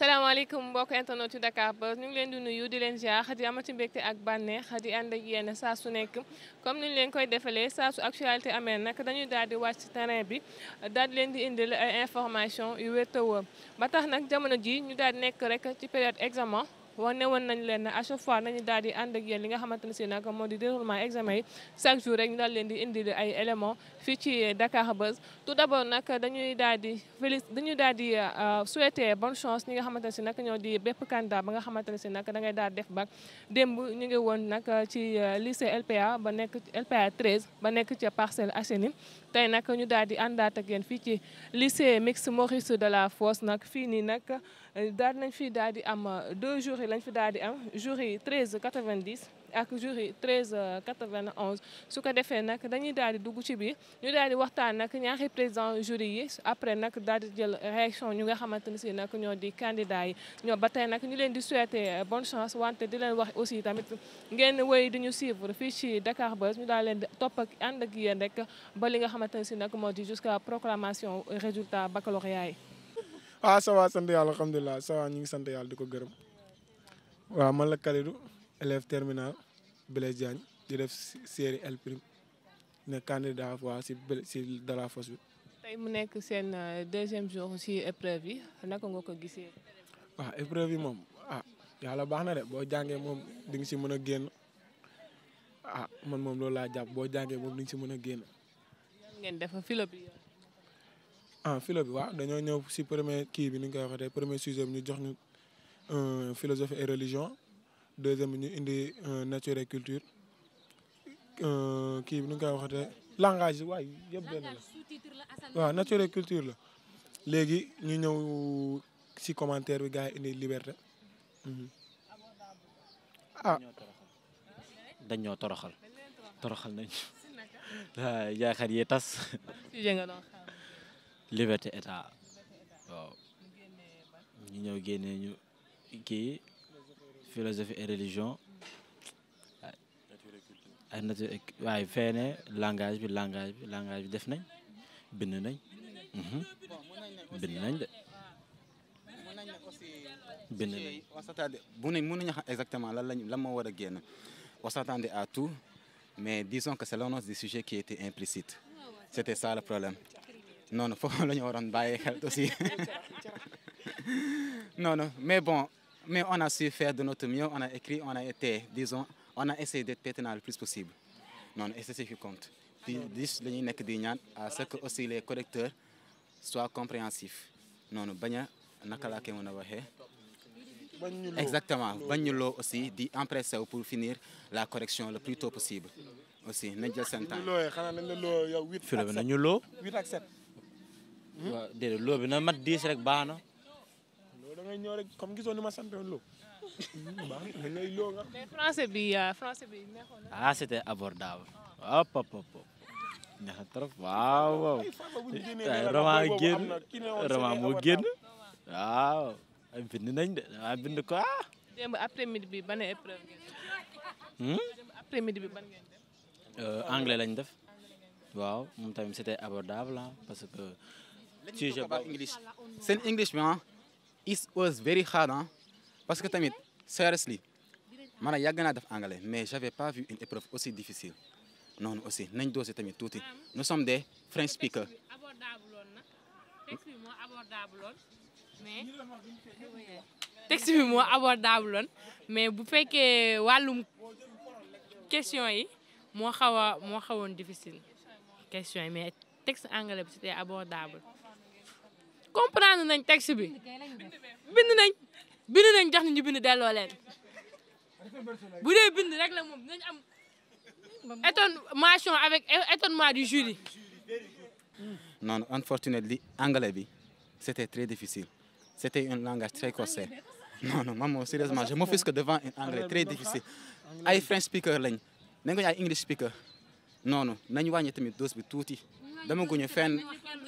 salaamaaleykum mbokk internet yu Dakar Buzz ñu ngi leen di nuyu di leen jaar di ci mbégte ak bànneex di ànd ak yéen saa su nekk comme ni ñu leen koy defalee saa su actualité amee nag dañuy daal di ci terrain bi daal di leen di indil ay information yu wér te ba tax nag jamono ji ñu daal di nekk rek ci période examen wane woon nañ leen ne à chaque fois nañu daal di ànd ak yéen li nga xamante ne si nag moo di déroulement examen yi chaque jour rek ñu daal leen di indil ay éléments fii ci Dakar Buzz tout d'abord nag dañuy daal di félic dañuy daal di euh, souhaiter bonne chance ñi nga xamante ne si nag ñoo di bépp candidat ba nga xamante ne si nag dangay ngay daal def ba démb ñu ngi woon nag ci euh, lycée LPA ba nekk LPA 13 ba nekk ci Parcelles Assainies tey nag ñu daal di àndaat ak yéen fii ci lycée mixte Maurice Delafosse nag fii nii nag daal nañ fi daal di am deux jurys lañ fi daal di am jury 13 90. ak jury 13 91 su ko defee nag dañuy daal di dugg ci bi ñu daal di waxtaan nag ñaari président jury yi après nag daal di jël réaction ñu nga xamante ne si nag ñoo di candidat yi ñoo ba tey nag ñu leen di souhaiter euh, bonne chance wante di leen wax aussi tamit ngeen wéy di ñu suivre fii ci Dakar Buzz ñu daal leen di topp ak ànd ak yéen rek ba li nga xamante ne si nag moo di jusqu'à proclamation euh, résultat baccalauréat yi. ah ça va sant yàlla alhamdulilah ñu ngi sant yàlla di ko gërëm. Blaise Diagne di def série L prime ne candidat waa si si Dalafosse bi. tey mu nekk seen euh, deuxième jour si épreuve yi naka nga ko gisee. a épreuve yi moom ah yàlla baax na de boo jàngee moom di nga si mën a génn ah man moom loolu laa jàpp boo jàngee moom di si mën a génn. ngeen def filo bi. ah bi waaw dañoo ñëw si premier kii bi ni ñu koy waxee tey premier sujet bi ñu jox ñu euh, philosophie et religion. deuxième bi indi euh, nature et culture euh, kii bi nu ñu koy waxatee langage waaye yëpp la waaw nature et culture la léegi ñu ñëw si commentaire bi gars yi indi liberté mhm. ah dañ ñoo toroxal toroxal nañ yaakaar yee tas liberté état waaw ñu ñëw génnee ñu kii philosophie et religion ak ah, nature ah, waaye feene langage bi langage bi langage bi def nañ bind nañ mhm. bind nañ de bind nañ on s'attendait bu ne mën nañu xam exactement lan lañ lan moo war a génn on s'attendait à tout mais disons que c'est l'annonce du sujet qui était implicite c'était ça problème non non foofu la ñu waroon mais bon Mais on a su faire de notre mieux, on a écrit, on a été, disons, on a essayé d'être pertinent le plus possible. Non, et Di dis lañuy nekk di ñaan à ce que aussi les collecteurs soient compréhensifs. Noonu bañ a naka laa koy mën a waxee. Exactement bañ loo aussi di empressé wu pour finir la correction le plus tôt possible. Aussi nañ jël seen temps. Philomène nañu loo. 8 ak 7. Waaw déedéet na mat 10 rek baax ñëw rek comme gisoo ni ma bi français bi euh, ah c'était abordable waaw waaw. ay eh, roman génn roman waaw ay bind nañ de ah. après midi bi ban épreuve ngeen hmm? euh, anglais lañ def. waaw moom tamit c'était abordable ah, parce que. sujet boobu English bi ah. it was very hard hein parce que tamit seriously man yàgg naa def anglais mais j'avais pas aussi difficile noonu aussi nañ doose tamit tuuti nous sommes des French speakers. texte bi moo abordable mais bu fekkee wàllum question yi moo xaw a moo xawoon difficile question yi mais texte anglais bi c'était abordable comprendre nañ texte bi bind nañ bind nañ jox nañ ñu bind delloo leen bu dee bind rek la moom dinañ am étonnement avec étonnement du jury. non unfortunately anglais bi c' était très difficile c' était un langage très corsé non non maman sérieusement je m'offusque devant un anglais très difficile ay french speaker lañ nañ ko ay english speaker non non nañ wàññi tamit dose bi tuuti. demaguñu fenn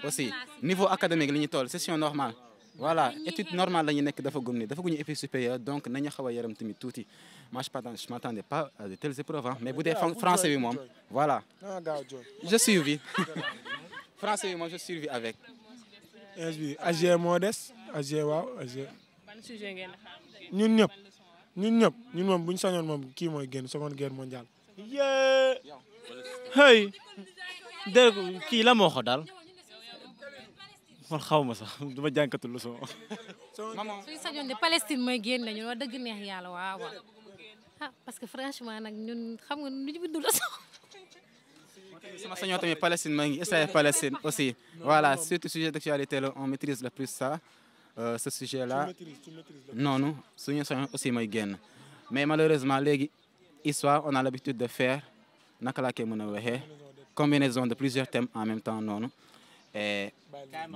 aussi niveau académique li ñu toll session normale voilà étude normale la ñu nekk dafa gum ni dafa guñu étude supérieure donc nañu xaw a yaram tamit tuuti moi je m'attendais pas à de telles épreuves mais bu dee français bi moom voilà ah, je suivi français bi moom je suivi avec bi AG moo des AG waaw AG ñun ñëpp ñun ñëpp ñun moom bu ñu sañoon moom kii mooy génn seconde guerre mondiale hey de kii la moo ko daal man xaw ma sax du ma jànkatul lu soo. suñu sañoon de Palestine mooy génn ñu wax dëgg neex yàlla waaw waaw ah parce que franchement nag ñun xam nga nu ñu bindu la sax. sama sañoon tamit Palestine mooy Israël Palestine aussi voilà surtout sujet d'actualité la on maîtrise le plus ça euh, ce sujet noonu suñu sañoon aussi may génn mais malheureusement léegi histoire on a l'habitude de faire naka laa koy mën a waxee. combinaison de plusieurs thèmes en même temps noonu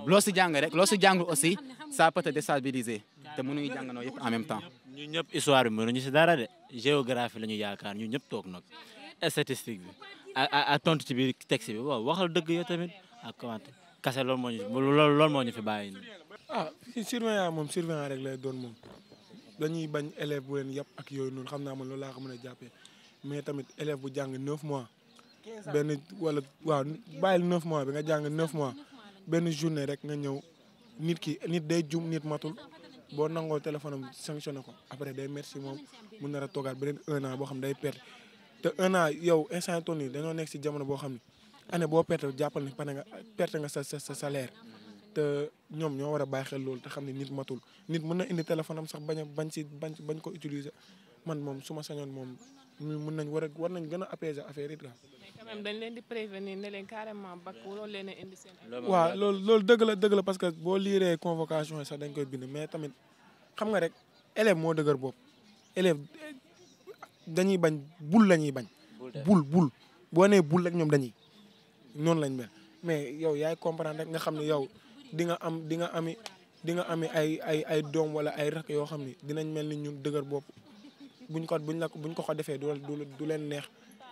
loo si jàng rek loo si jàngul aussi ça peut te déstabiliser te mënuñu jàngandoo yëpp en même temps. ñu ñëpp histoire bi mënuñu si dara de géographie la ñu yaakaar ñu ñëpp toog nag statistique bi ak ak tontu ci biir texte bi waaw waxal dëgg yow tamit ak commenté kase loolu moo ñu loolu moo ñu fi bàyyi. ah si surveillant moom surveillant rek lay doon moom dañuy bañ élève bu leen yàpp ak yooyu noonu xam naa man loolu laa ko mën a jàppee mais tamit élève bu jàng neuf mois. benn walla waaw bàyyil neuf mois bi nga jàng neuf mois benn journée rek nga ñëw nit ki nit day jum nit matul boo nangoo téléphone am sanctionné ko après day merci moom mu nar a toogaat beneen un an boo xam day perte te yow instant ton yi nekk si jamono boo xam ne année boo perte jàppal ne pare nga perte nga sa sa salaire te ñoom ñoo war a bàyyi loolu te xam ne nit matul nit mën na indi téléphone am sax bañ bañ si bañ bañ ko utiliser man moom su ma sañoon moom mën nañ war a war nañ gën a apaiser dañ leen di prévenir ne leen carrément bakk waroon leen a indi waaw loolu loolu dëgg la dëgg la parce que boo liiree convocation sax dañ koy bind mais tamit xam nga rek élève moo dëgër boob élève dañuy bañ bul la ñuy bañ. bul bul boo nee bul rek ñoom dañuy noonu lañ mel mais yow yaay comprendre rek nga xam ne yow di nga am di nga ami di nga ami ay ay ay doom wala ay rak yoo xam ni dinañ mel ni ñun dëgër bopp. bu buñ ko buñ la buñ ko ko defee du du leen neex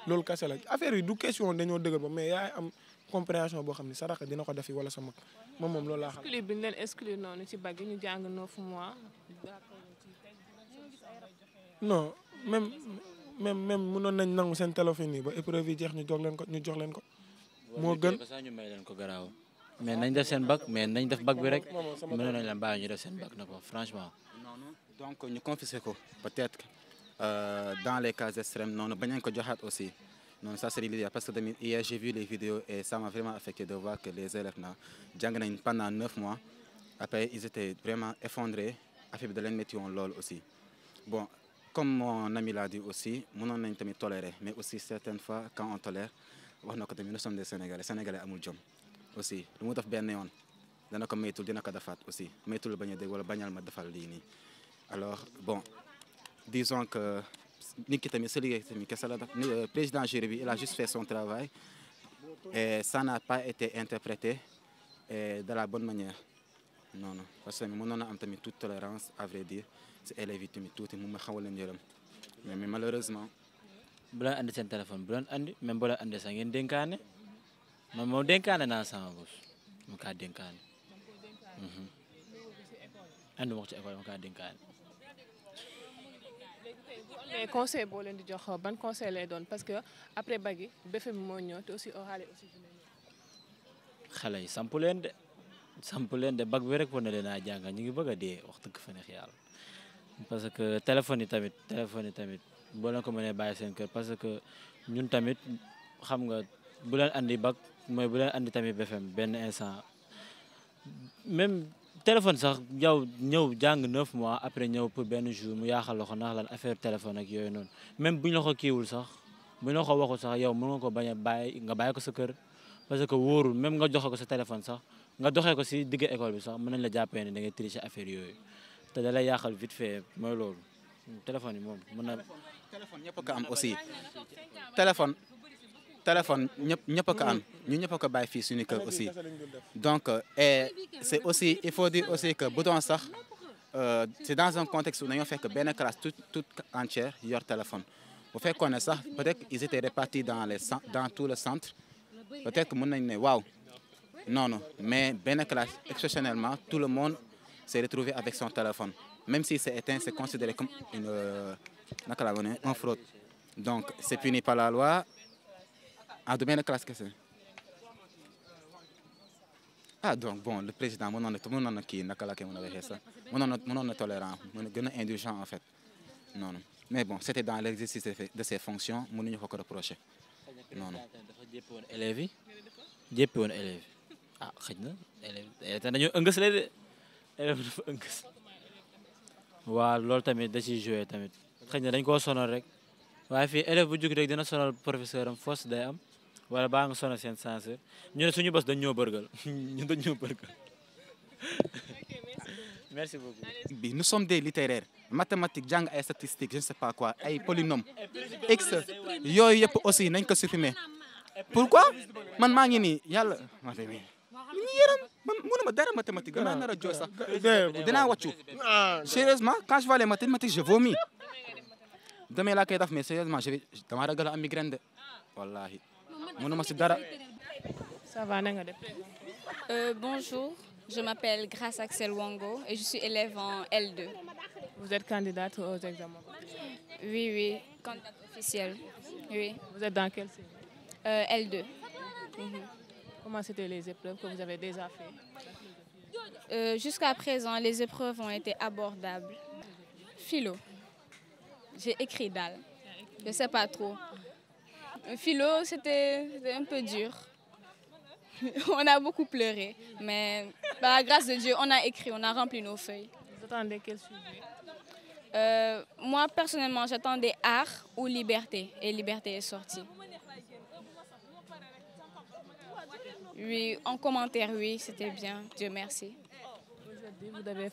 loolu kese la affaire yi du question dañoo dëgër ba mais yaay am compréhension boo xam ne sa rakk dina ko defi wala sa mag moom moom loolu laa xam. exclure bi ñu leen exclure noonu ci bag yi ñu jàng neuf mois. même même même nañ nangu seen téléphone yi ba épreuve jeex ñu jox leen ko ñu jox leen ko. moo gën ba sax leen ko garaaw. mais nañ def seen bac mais nañ def bac bi rek mënoon nañ leen bàyyi ñu def seen bac na ko franchement. donc ñu confisqué ko peut-être Euh, dans les cas extrêmes noonu bañ nañ ko joxaat aussi noonu ça c'est l'idéal parce que tamit hier j'ai vu les vidéos et ça m'a vraiment affecté de voir que les élèves là jàng nañ pendant neuf mois après ils étaient vraiment effondrés affaire bi da leen métti woon aussi bon comme mon ami l'a dit aussi mënoon nañ tamit tolérer mais aussi certaines fois quand on tolère wax na ko tamit nous sommes des sénégalais amul jom aussi lu mu def benn yoon dana ko maytul dina ko defaat aussi maytul bañ a dégg wala bañal ma defal lii nii disons que nit ki tamit sa liggéey tamit kese la président jury bi il a juste fait son travail et ça n'a pas été interprété et de la bonne manière non non parce que mënoon am tamit toute tolérance à vrai dire si élèves yi tamit tuuti mu ma xaw a leen yërëm mais malheureusement. bu leen andi seen téléphone bu la andi même bu leen andi sax ngeen dénkaane man moom dénkaane naa sama bos mu kaa dénkaane. Mhm. ci école mais conseil boo leen di jox ban conseil lay doon parce que après bagi béfe bi moo ñëw te aussi o aussi. xale yi samp leen de samp leen de bag bi rek war na leen a jàngal ñu ngi bëgg a dee wax dëgg fa neex yàlla parce que téléphone yi tamit téléphone yi tamit boo leen ko mënee bàyyi seen kër parce que ñun tamit xam nga bu leen andi bag mooy bu leen andi tamit BFEM benn instant même. téléphone sax yow ñëw jàng neuf mois après ñëw pour benn jour mu yaaxal la ko ndax lan affaire téléphone ak yooyu noonu même bu ñu la ko kiiwul sax bu ñu la ko waxul sax yow mën nga ko bañ a bàyyi nga bàyyi ko sa kër parce que wóorul même nga joxe ko sa téléphone sax nga doxee ko si digg école bi sax mën nañ la jàppee ne da ngay tricher affaire yooyu te da lay yaaxal vite fait mooy loolu téléphone yi moom mën na. téléphone ñëpp ko am aussi téléphone. téléphone ñëpp ñëpp a ko am mm-hmm. ñu ñëpp a ko bàyyi fii suñu kër aussi donc euh, aussi il faut dire que bu doon sax euh, c'est dans un contexte où dañoo fekk benn classe toute toute entière yor téléphone bu fekkoon ne sax peut-être ils étaient répartis dans les dans tout le centre peut-être mën nañ ne waaw non mais benn classe exceptionnellement tout le monde s'est retrouvé avec son téléphone même si c'est éteint c'est considéré comme une euh, naka un fraude donc c'est puni par la loi ah du benn classe kese ah donc bon le président mënoon na na kii naka la koy mën a waxee sax mënoon na tolérant gën a indulgent en fait non mais bon c' était dans l' exercice de ses fonctions mënuñu ko ko reprocher non non. dafa jéppi woon ah xëj na élèves te dañoo ëngës la de élèves dafa ëngës waaw loolu tamit da ciy tamit xëj na dañ ko sonal rek waaye fii élève bu jóg rek dina sonal professeur am force day am. wala baa nga sonal seen censeur ñu ne suñu bos dañ ñoo bërgal ñu dañ ñoo bërgal merci beaucoup. bi des littéraires mathématiques jàng ay statistiques je ne sais pas quoi ay polynômes x yooyu yëpp aussi nañ ko supprimer pourquoi man maa ngi nii yàlla ma fi mi ñu yërëm man mënuma dara mathématique danaa nar a jooy sax dinaa wàccu sérieusement quand je vois les mathématiques je vomis demee laa koy def mais sérieusement je vais dama ragal am migraine de wallahi mënuma si dara. ça va na nga euh, bonjour je m'appelle Grace Axel Wango et je suis élève en l vous êtes candidate aux examens. oui candidate officielle oui. vous êtes dans quelle série. Euh, mhm. comment c'étaient les épreuves que vous avez déjà fait. Euh, jusqu'à présent les épreuves ont été abordables. philo. j'ai écrit daal. je sais pas trop. Philo, c'était un peu dur. On a beaucoup pleuré, mais par la grâce de Dieu, on a écrit, on a rempli nos feuilles. Euh, moi, personnellement, j'attendais art ou liberté, et liberté est sortie. Oui, en commentaire, oui, c'était bien, Dieu merci. Euh,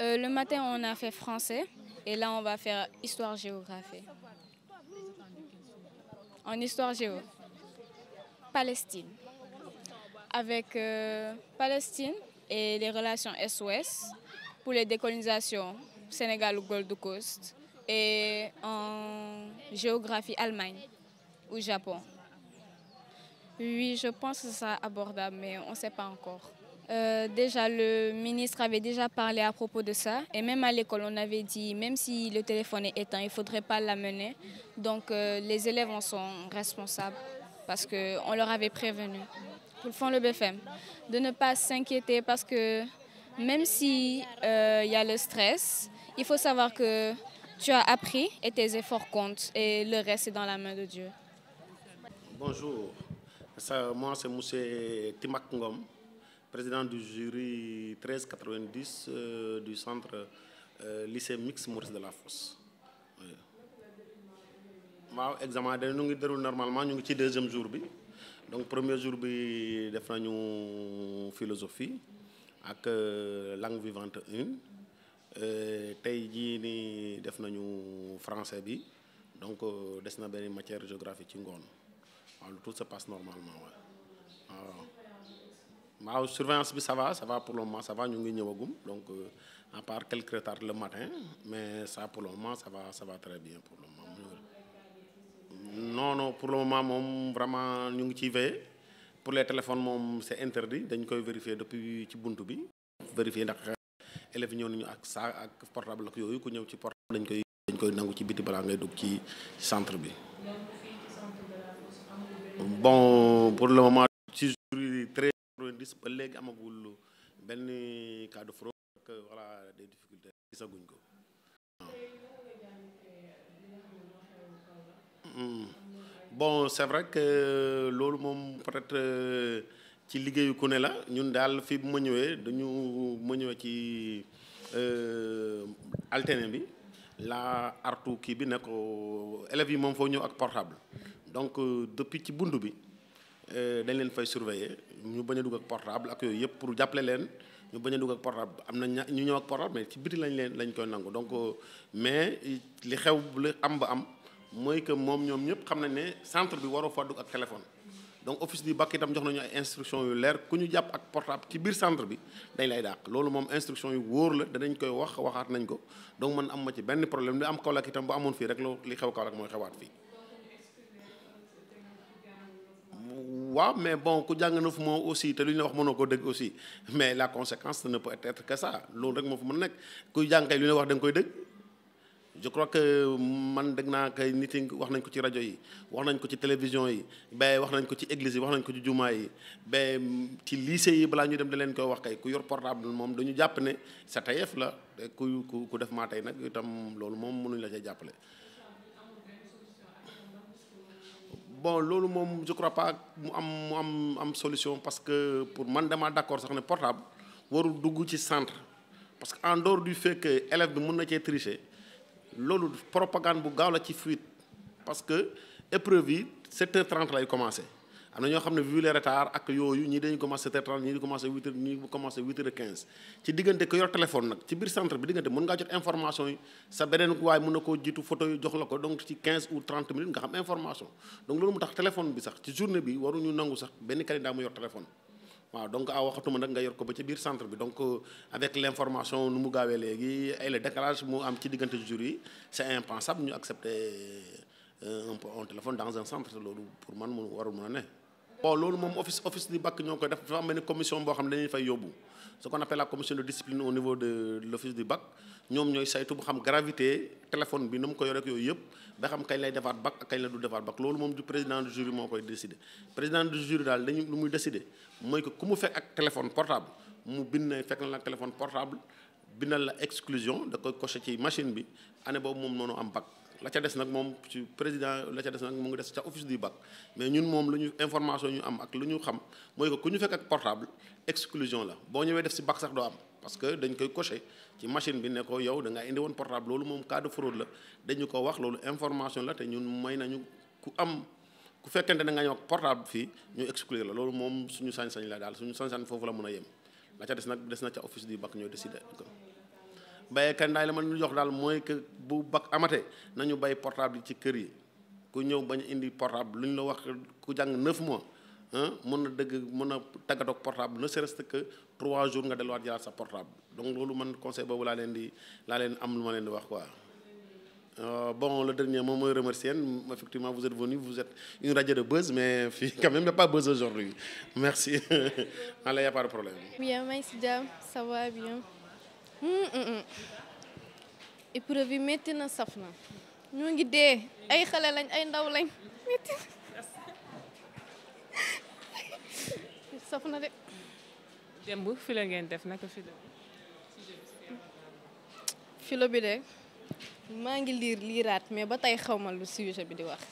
euh, le matin, on a fait français, et là, on va faire histoire-géographie. en histoire géo. Palestine. Avec euh, Palestine et les relations Est-Ouest pour les décolonisations Sénégal ou Gold Coast et en géographie Allemagne ou Japon. Oui, je pense que ça sera abordable, mais on ne sait pas encore. Euh, déjà, le ministre avait déjà parlé à propos de ça. Et même à l'école, on avait dit, même si le téléphone est éteint, il ne faudrait pas l'amener. Donc, euh, les élèves en sont responsables parce qu'on leur avait prévenu, de ne pas s'inquiéter parce que même si euh, y a le stress, il faut savoir que tu as appris et tes efforts comptent et le reste est dans la main de Dieu. président du jury 1390 euh, du centre euh, lycée mixte Maurice Delafosse waaw examen da ñu ngi déroule normalement ñu ngi ci deuxième jour bi donc premier jour bi def nañu philosophie ak euh, langue vivante une euh, tey jii ni def nañu français bi donc euh, des na benn matière géographique ci ngoon waaw tout se passe normalement waaw waaw surveillance bi ça va ça va pour le moment ça va ñu ngi ñëwagum donc euh, à part quelques retards le matin mais ça pour le moment ça va ça va très bien pour le moment. moom vraiment ñu ngi ciy veillé pour les téléphones moom c'est interdit dañ koy vérifier depuis ci buntu bi. vérifier ndax élèves ñëw nañu ak saa ak portable yooyu ku ñëw ci portable dañ koy dañ koy nangu ci biti balaa ngay dugg ci centre bi. 90 ba léegi amagul benn cas de fraude ak voilà des difficultés gisaguñ ko bon c'est vrai que loolu moom peut-être ci liggéeyu ku ne la ñun daal fi bu ma ñëwee dañu ma ci euh, alterné bi la artu kii bi ne ko yi moom foo ñëw ak portable donc euh, depuis ci bunt bi euh, dañ leen fay surveiller ñu bañ a dugg ak portable ak yooyu yëpp pour jàppale leen ñu bañ a dugg ak portable am na ña ñu ñëw ak portable mais ci biti lañ leen lañ koy nangu donc euh, mais li xew li am ba am mooy que moom ñoom ñëpp xam nañ ne centre bi waroo fa ak téléphone. donc office du BAC itam jox nañu ay instruction yu leer ku ñu jàpp ak portable ci biir centre bi dañ lay dàq loolu moom instruction yu wóor la danañ koy wax waxaat nañ ko donc man am ma ci benn problème li am Kaolack itam bu amoon fii rek loo li xew Kaolack mooy xewaat fii. waaw mais bon ku jàng na fu moo aussi te lu ñu la wax mënoo koo dëgg aussi mais la conséquence ne peut être que ça loolu rek moo fu mën nekk kuy jàng kay lu ñu la wax da koy dëgg je crois que man dégg naa kay nit wax nañ ko ci rajo yi wax nañ ko ci télévision yi ba wax nañ ko ci église yi wax nañ ko ci jumaa yi ba ci lycée yi balaa ñu dem da leen koy wax kay ku yor portable moom dañu jàpp ne sa tayeef la ku ku ku def maa tey nag itam loolu moom mënuñ la cay jàppale bon loolu moom je crois pas mu am mu am am solution parce que pour man dama d'accord sax ne portable warul dugg ci centre parce que en dehors du fekk que élève bi mën na cee tricher loolu propagande bu gaaw la ci fuite parce que épreuve yi 7h30 lay commencer. am na ñoo xam ne vu les retards ak yooyu ñii dañu commencé sept heures ñii di commencé huit heures ñii di commencé huit quinze ci diggante ko yor téléphone nag ci biir centre bi diggante mën ngaa jot information yi sa beneen waaye mën na koo jiitu photo yi jox la ko donc ci quinze ou trente minutes nga xam information donc loolu mu tax téléphone bi sax ci journée bi waruñu nangu sax benn candidat mu yor téléphone waaw donc a ah, waxatuma nag nga yor ko ba ci biir centre bi donc euh, avec mu gaawee léegi ay le décalage am ci diggante jour yi c' est impensable ñu accepter euh, un téléphone loolu pour man mu warul a ne bon loolu moom office office du bac ñoo koy def dafa am benn commission boo xam ne dañuy fay yóbbu ce qu'on appelle la commission de discipline au niveau de l'office du bac ñoom ñooy saytu bu xam gravité téléphone bi nu mu ko yore ak yëpp ba xam lay defaat bac ak kañ la du defaat bac loolu moom du président du jury moo koy décider président du jury daal dañu lu muy décider mooy que ku mu fekk ak téléphone portable mu bind na fekk na la téléphone portable bindal la exclusion da koy coché ci machine bi année boobu moom noonu am bac la ca des nag moom ci président la ca des nag mu ngi des ca office du BAC mais ñun moom lu ñu information ñu am ak lu ñu xam mooy que ku ñu fekk ak portable exclusion la boo ñëwee def si back sax doo am parce que dañ koy coché ci machine bi ne ko yow da ngaa indi woon portable loolu moom cas de fraude la dañu ko wax loolu information la te ñun may nañu ku am ku fekkente ne nga ñëw ak portable fii ñu exclure la loolu moom suñu sañ-sañ la daal suñu sañ foofu la mën a yem la ca des des na ca office du BAC ñooy béyee kandaay la ma ñu jox daal mooy que bu bak amatee nañu bay portable ci kër yi ku ñëw bañ indi portable lu ñu la wax ku jàng neuf mois mën na dëgg mën na tàggatoo ak portable ne serait-ce que trois jours nga delluwaat jëlaat sa portable donc loolu man conseil boobu laa leen di laa leen am lu ma leen di wax quoi. Euh, bon le dernier moom mooy remercier effectivement vous êtes venu vous êtes une radio de buzz mais fi quand même il n'y aujourd'hui merci. a pas de Hmm, hmm, hmm. épreuve bi métti na saf na ñoo ngi dee ay xale lañ ay ndaw lañ métti saf na de. filo ngeen def naka fi la. filo bi de maa ngi liir liiraat mais ba tey xaw ma lu sujet bi di wax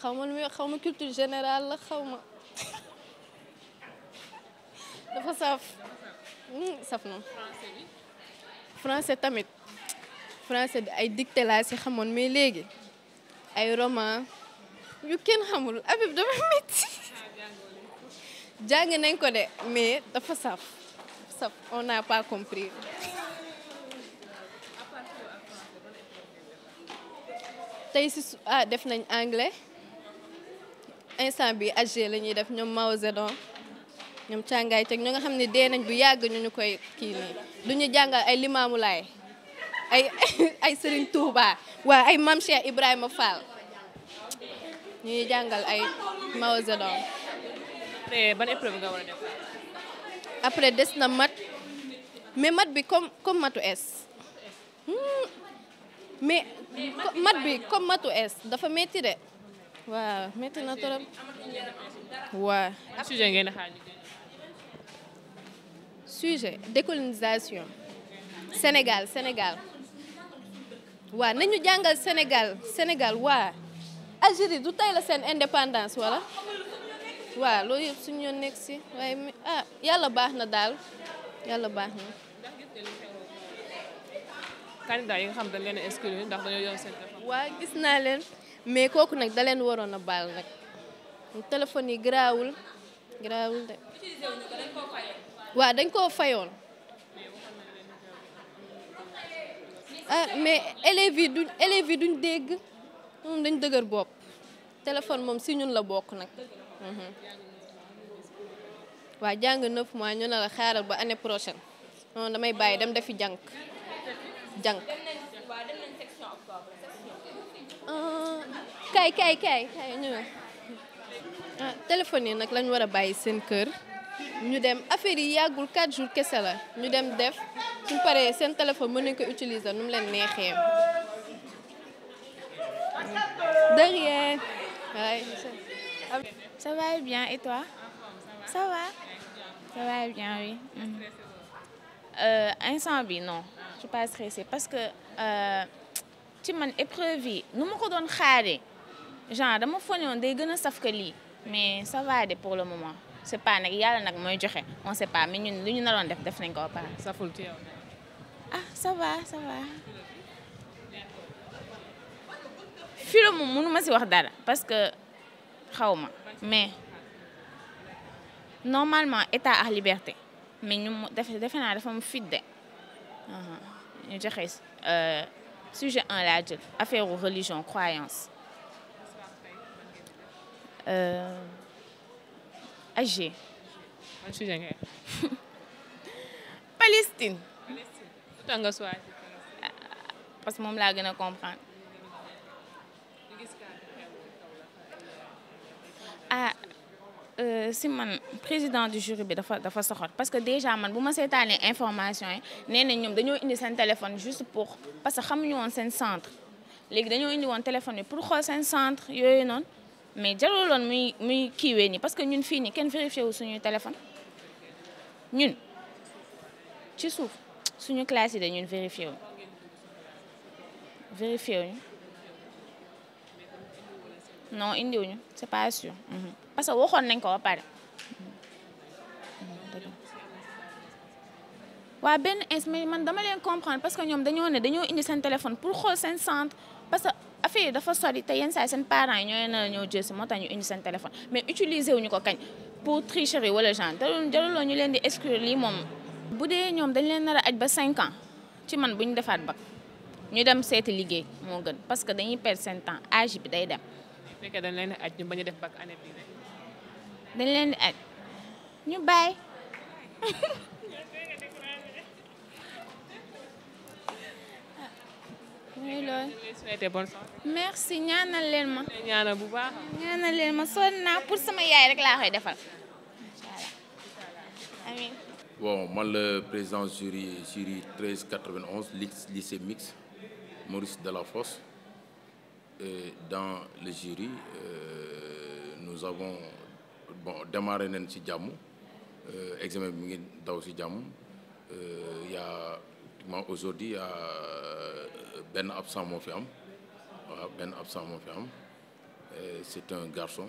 xaw ma lu muy xaw ma culture général la xaw ma dafa saf. saf na français tamit français bi ay dicté laa si xamoon mais léegi ay roman yu kenn xamul Habib dafa métti jàng nañ ko de mais dafa saf saf on n'a pas compris tey si ah def nañ anglais instant bi AG la ñuy def ñoom Mao Zedong ñoom càngaay teg ñoo nga xam ne dee nañ bu yàgg ñu ñu koy kii nii du ñu jàngal ay limaamu laay ay ay Serigne Touba waaye ay Mame Cheikh Ibrahima Fall ñu jàngal ay Mao Zedong. après des na mat mais mat bi comme comme matu es. Hmm. mais mat bi comme matu es dafa metti de waa metti na trop waaw. sujet décolonisation Sénégal Sénégal waa nañu jàngal Sénégal Sénégal waa Algérie du tey la seen indépendance wala waa loolu yëpp suñu yoon nekk si waaye ah yàlla baax na daal yàlla baax na. candidat yi nga xam dañ leen a ndax dañoo yor seen téléphone. waa gis naa leen mais kooku nag da leen waroon a baal nag téléphone yi garaawul garaawul de. waa dañ koo fayoon ah mais élèves yi duñ élèves yi dégg moom dañ dëgër bopp téléphone moom si ñun la bokk nag mhm. waaw jàng neuf mois ñu ne la xaaral ba année prochaine non damay bàyyi dem defi jànk jànk ah, kaay kaay kaay ah, téléphone yi nag lañ war a bàyyi seen kër ñu dem affaire yi yàggul 4 jours kese la ñu dem def suñ paree seen téléphone mën nañ ko utiliser nu mu leen neexee. De rien. Ouais. Ça va bien et toi? Ça va. Ça va bien oui. Mm. Euh, instant bi non je suis pas stressée parce que euh, ci man épreuve yi nu ma ko doon xaaree genre dama foog ne woon day gën a saf que lii mais ça va de pour le moment. c'est pas nag yàlla nag mooy joxe on sait pas mais ñun lu ñu naroon def def nañ ko ba pare. saful ci yow ah ça va ça va. film moom si wax dara parce que xaw ma mais normalement état ak liberté mais ñu def defe naa dafa mu fit de uh-huh. ñu joxe euh, sujet un laa jël affaire religion croyance. Euh, AG. ban sujet ngay Palestine. parce que moom laa gën a comprendre. ah euh, si man président du jury bi dafa dafa soxor parce que déjà man bu ma seetaanee information yi nee nañ ñoom dañoo indi seen téléphone juste pour parce que xamuñu woon seen centre léegi dañoo indi woon téléphone bi pour xool seen centre yooy noonu. mais jaruloon muy muy kiiwe nii parce que ñun fii nii kenn vérifié wu suñuy téléphone ñun ci suuf suñu classe yi de ñun vérifié wu vérifié wuñu non indiwuñu c'est pas mhm. que waxoon nañ ko ba pare waaw benn ins mais man dama leen comprendre parce que ñoom dañoo ne dañoo indi seen téléphone pour xool seen centre parce affaire yi dafa sori te yenn saa yi seen parents yi ñooy na ñoo jël si moo tax ñu indi seen téléphone mais utiliser ko kañ pour tricherie wala genre jaruloo ñu leen di exclure lii moom. bu dee ñoom dañ leen nar a aj ba 5 ans ci man bu ñu defaat bac ñu dem seeti liggéey moo gën parce que dañuy per seen temps âge bi day dem. bu fekkee dañ leen aj ñu bañ def bac année bi rek. leen di aj ñu bàyyi. muy merci ñaanal leen ma. ñaanal leen ma sonn naa pour sama yaay rek laa koy defal. bon man la président jury jury 1391 lycée mixte Maurice Delafosse euh, dans le jury euh, nous avons bon démarré ci jàmm euh, examen bi mu ngi daw ci jàmm euh, y pratiquement aujourd'hui euh, benn absent moo fi am benn absent moo fi am c'est un garçon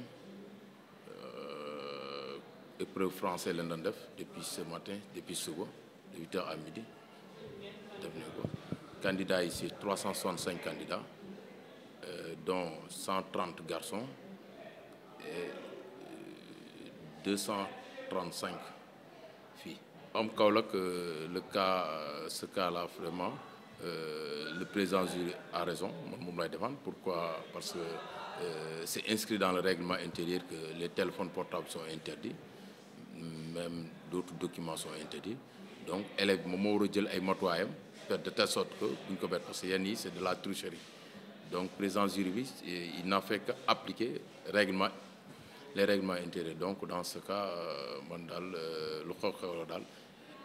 euh, épreuve français lañ doon def depuis ce matin depuis suba de huit heures à midi def nañ ko candidats yi c'est trois cent soixante-cinq candidats euh, dont cent trente garçons et deux cent trente-cinq am Kaolack euh, le cas euh, ce cas la vraiment euh, le président jury a raison man moom lay pourquoi parce que euh, c'est inscrit dans le règlement intérieur que les téléphones portables sont interdits même d'autres documents sont interdits donc élève bi moom moo war a jël ay matuwaayam faire de tel sort que bu ñu ko bett parce que yenn yi c'est de la tricherie donc président jury bi il n'a fait qu'appliquer règlement les règlements intérieurs donc dans ce cas euh, daal lu xew xew daal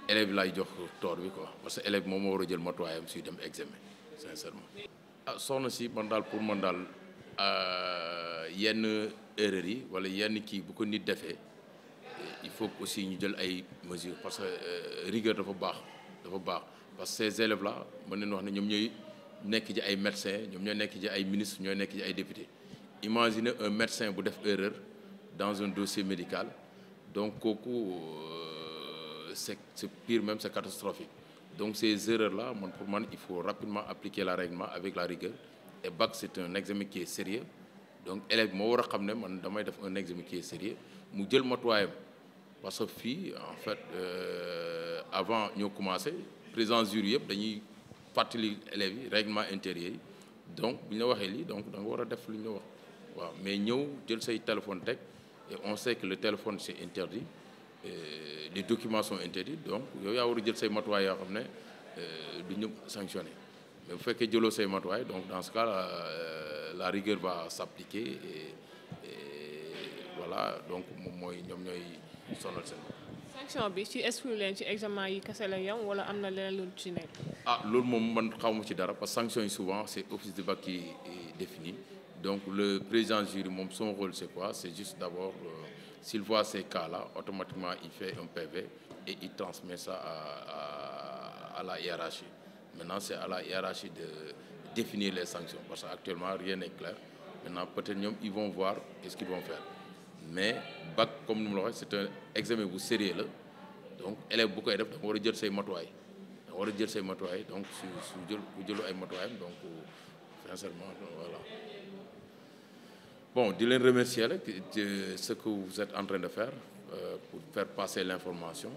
élève laay jox toor bi ko parce que élève moom moo war a jël matuwaayam suy dem examen sincèrement. ah soxna si man daal pour man daal euh, yenn erreur yi wala yenn kii bu ko nit defee il faut aussi ñu jël ay mesures parce que euh, rigueur dafa baax dafa baax parce que ces élèves là mën nañu wax ne ñoom ñooy nekk ci ay médecins ñoom ñoo nekk ci ay ministres ñoo nekk ci ay députés imaginez un médecin bu def erreur dans un dossier médical donc kooku. c'est pire même, c'est catastrophique. Donc ces la là pour man il faut rapidement appliquer la règlement avec la rigueur. Et BAC, c'est un examen qui est sérieux. Donc élève moo war a xam ne man damay def un examen qui est sérieux mu jël matuwaayam parce que fii en fait euh, avant ñoo commencé président jury yëpp dañuy fàttali élèves yi règlement intérieur yi donc bu ñu la waxee lii donc da war a def lu ñu wax waaw mais ñëw jël say téléphone teg et on sait que téléphone c'est interdit Euh, les documents sont interdits donc yow yaa war a jël say matuwaay yoo xam ne euh, du ñëpp sanctionné mais bu fekkee jëloo say matuwaay donc dans ce cas la, euh, la rigueur va s'appliquer et, et voilà donc moom mooy ñoom ñooy sonal seen sanction bi ci exclu leen ci examen yi kese la yam wala am na leneen lu ci nekk. ah loolu moom man xawma ci dara parce que sanction yi souvent c'est office de bac qui définit donc le président jury moom son rôle c'est quoi c'est juste d'abord. S'il voit ces cas-là, automatiquement, il fait un PV et il transmet ça à, à, à la hiérarchie. Maintenant, c'est à la hiérarchie de définir les sanctions, parce qu'actuellement, rien n'est clair. Maintenant, peut-être ils vont voir qu'est-ce qu'ils vont faire. Mais bac, comme nous l'avons c'est un examen bu sérieux la donc élève bu koy def danga war a jël say matuwaay danga war a jël say matuwaay donc su su jël bu jëlu ay matuwaayam donc euh, sincèrement voilà bon di leen remercier rek ce que vous êtes en train de faire euh, pour faire passer l'information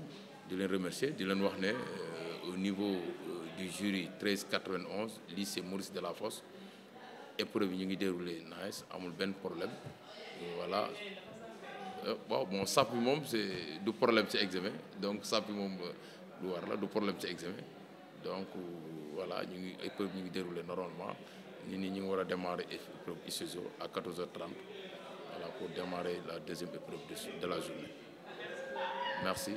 di leen remercier di leen wax ne euh, au niveau euh, du jury 1391 lycée Maurice Delafosse épreuve yi ñu ngi dérouler nice amul benn problème voilà euh, waaw bon sap bi moom c'est du problème ci examen donc sap bi moom du war la du problème ci examen donc voilà ñu ngi épreuve ñu ngi déroulé normalement ñu ni ñu ngi war a démarrer épreuve ISSO à 14 h pour démarrer la deuxième épreuve de la journée merci.